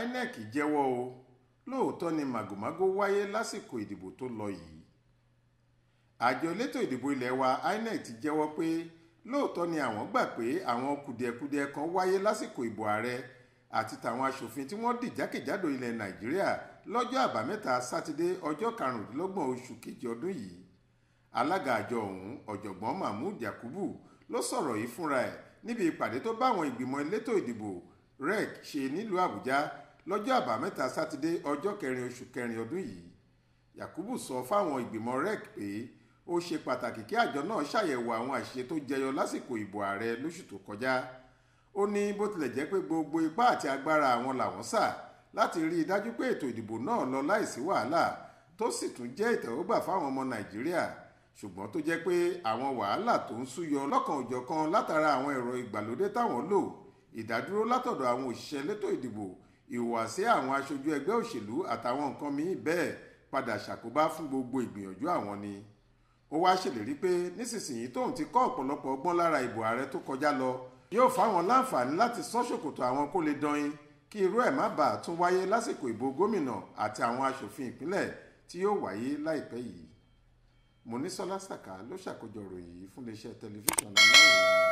inec jẹ́wọ́ o lóòótọ́ ni màgòmágó wáyé lásìkò ìdìbò tó lọ yìí àjọ elétò ìdìbò ilé wa inec ti jẹ́wọ́ pé lóòótọ́ ni àwọn gbà pé àwọn kùdìẹ̀kudiẹ kan wáyé lásìkò ìbò ààrẹ àti tàwọn aṣòfin tí wọ́n dìjákèjádò ilẹ̀ nàìjíríà lọ́jọ́ àbámẹ́ta sátidé ọjọ́ karùndínlọ́gbọ̀n oṣù kejì ọdún yìí alága àjọ ọ̀hún ọ̀jọ̀gbọ́n mahmood yakubu ló sọ̀rọ̀ yìí fúnra ẹ̀ níbi ìpàdé tó bá àwọn ìgbìmọ̀ elétò ìdìbò rec ṣe nílùú àbújá lọ́jọ́ àbámẹ́ta sátidé ọjọ́ kẹrin oṣù kẹrin ọdún yìí yakubu sọ fáwọn ìgbìmọ̀ rec pé ó ṣe pàtàkì kí àjọ náà ṣàyẹ̀wò àwọn àṣìṣe tó jẹyọ lásìkò ìbò ààrẹ lóṣù tó kọjá ó ní bó tilẹ̀ jẹ́ pé gbogbo ipá àti agbára àwọn làwọn sà láti rí i dájú pé ètò ìdìbò náà lọ láìsí wàhálà tó sì tún jẹ́ ìtẹ̀wọ́gbà fáwọn ọmọ nàìjíríà ṣùgbọ́n tó jẹ́ pé àwọn wàhálà tó ń súyọ lọ́kan òjọ̀kan látara àwọn ẹ̀rọ ìgbàlódé táwọn lò ìdádúró látọ̀dọ̀ àwọn òṣìṣẹ́ elétò ìdìbò ìhùwàsí àwọn aṣojú ẹgbẹ́ òṣèlú àtàwọn nǹkan míín bẹ́ẹ̀ padà ṣàkóbá fún gbogbo ìgbìyànjú àwọn ni ó wáá ṣèlérí pé nísinsìnyí tóun ti kọ́ ọ̀pọ̀lọpọ̀ ọgbọ́n lára ìbò ààrẹ tó kọjá lọ yóò fáwọn láǹfààní láti sán ṣòkòtò àwọn kó lè dọ̀yìn kí irú ẹ̀ má bàa tún wáyé lásìkò ìbò gómìnà àti àwọn aṣòfin ìpínlẹ̀ tí yóò wáyé láìpẹ́ yìí Mọ́nísọ́lá Sàká ló ṣàkójọ ìròyìn yìí fún iléeṣẹ́ tẹlifíṣàn Aláròyé